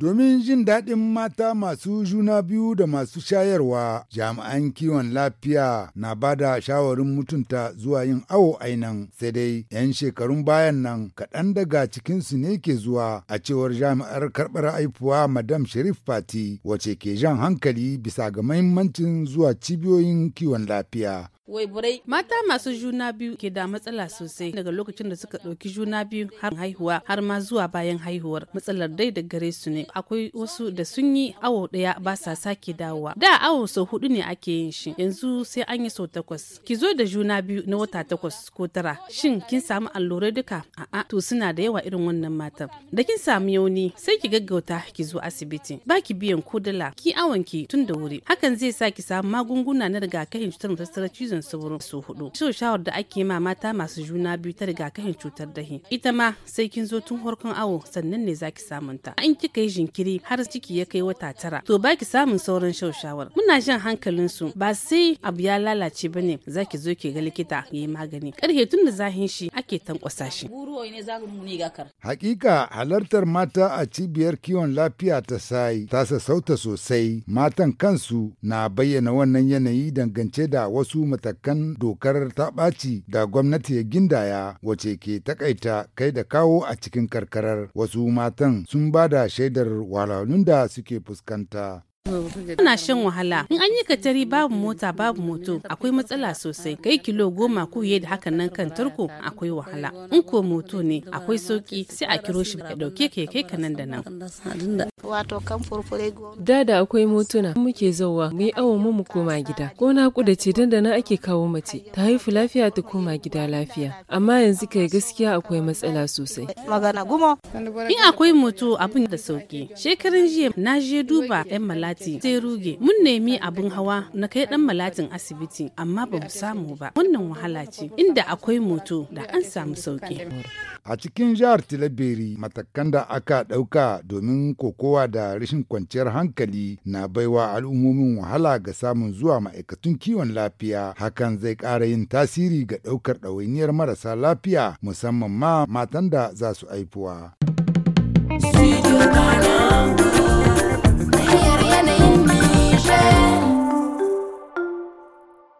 Domin jin daɗin mata masu juna biyu da masu shayarwa, jami'an kiwon lafiya na ba da shawarin mutunta zuwa yin awo ainan sai dai 'yan shekarun bayan nan kaɗan daga cikinsu ne ke zuwa a cewar jami'ar karɓar haifuwa Madam Sharif Fati wace ke jan hankali bisa ga mahimmancin zuwa cibiyoyin kiwon lafiya. waiburai mata masu juna biyu ke da matsala sosai daga lokacin da suka ɗauki juna biyu har haihuwa har ma zuwa bayan haihuwar matsalar dai da gare su ne akwai wasu da sun yi awo ɗaya ba sa sake dawowa da awo sau hudu ne ake yin shi yanzu sai an yi sau takwas ki zo da juna biyu na wata takwas ko tara shin kin samu allurai duka a'a to suna da yawa irin wannan matan da kin samu yauni sai ki gaggauta ki zo asibiti ba ki biyan ko dala ki awon ki tun da wuri hakan zai sa ki samu magunguna na rigakafin cutar matattarar cizon cizon sauro su hudu shin shawar da ake ma mata masu juna biyu ta rigakafin cutar dahi ita ma sai kin zo tun harkon awo sannan ne zaki samunta. ta in kika yi jinkiri har ciki ya kai wata tara to baki samun sauran shan shawar muna jan hankalin su ba sai abu ya lalace ba bane zaki zo ki ga likita ya yi magani karhe tun da zahin shi ake tankwasa shi hakika halartar mata a cibiyar kiwon lafiya ta sai ta sassauta sosai matan kansu na bayyana wannan yanayi dangance da wasu mata matakan dokar ta ɓaci da gwamnati ya gindaya wace ke takaita kai da kawo a cikin karkarar wasu matan sun ba da shaidar walalun da suke fuskanta. Ana shan wahala. In an yi katari babu mota babu moto akwai matsala sosai. Kai kilo goma ko da hakan nan kan tarko akwai wahala. In ko moto ne akwai sauki sai a kiro shi ka dauke ka kai ka nan da nan. Da da akwai motuna muke zauwa mu yi awon mu koma gida. Ko na kuda ce dan da na ake kawo mace ta haifu lafiya ta koma gida lafiya. Amma yanzu kai gaskiya akwai matsala sosai. Magana gumo. In akwai moto abin da sauki. Shekaran jiya na je duba 'yan malati malati sai ruge mun nemi abin hawa na kai dan malatin asibiti amma ba mu samu ba wannan wahala ce inda akwai moto da an samu sauki a cikin jihar tilaberi matakan da aka ɗauka domin kokowa da rashin kwanciyar hankali na baiwa al'ummomin wahala ga samun zuwa ma'aikatun kiwon lafiya hakan zai kara yin tasiri ga ɗaukar ɗawainiyar marasa lafiya musamman ma matan da za su haifuwa.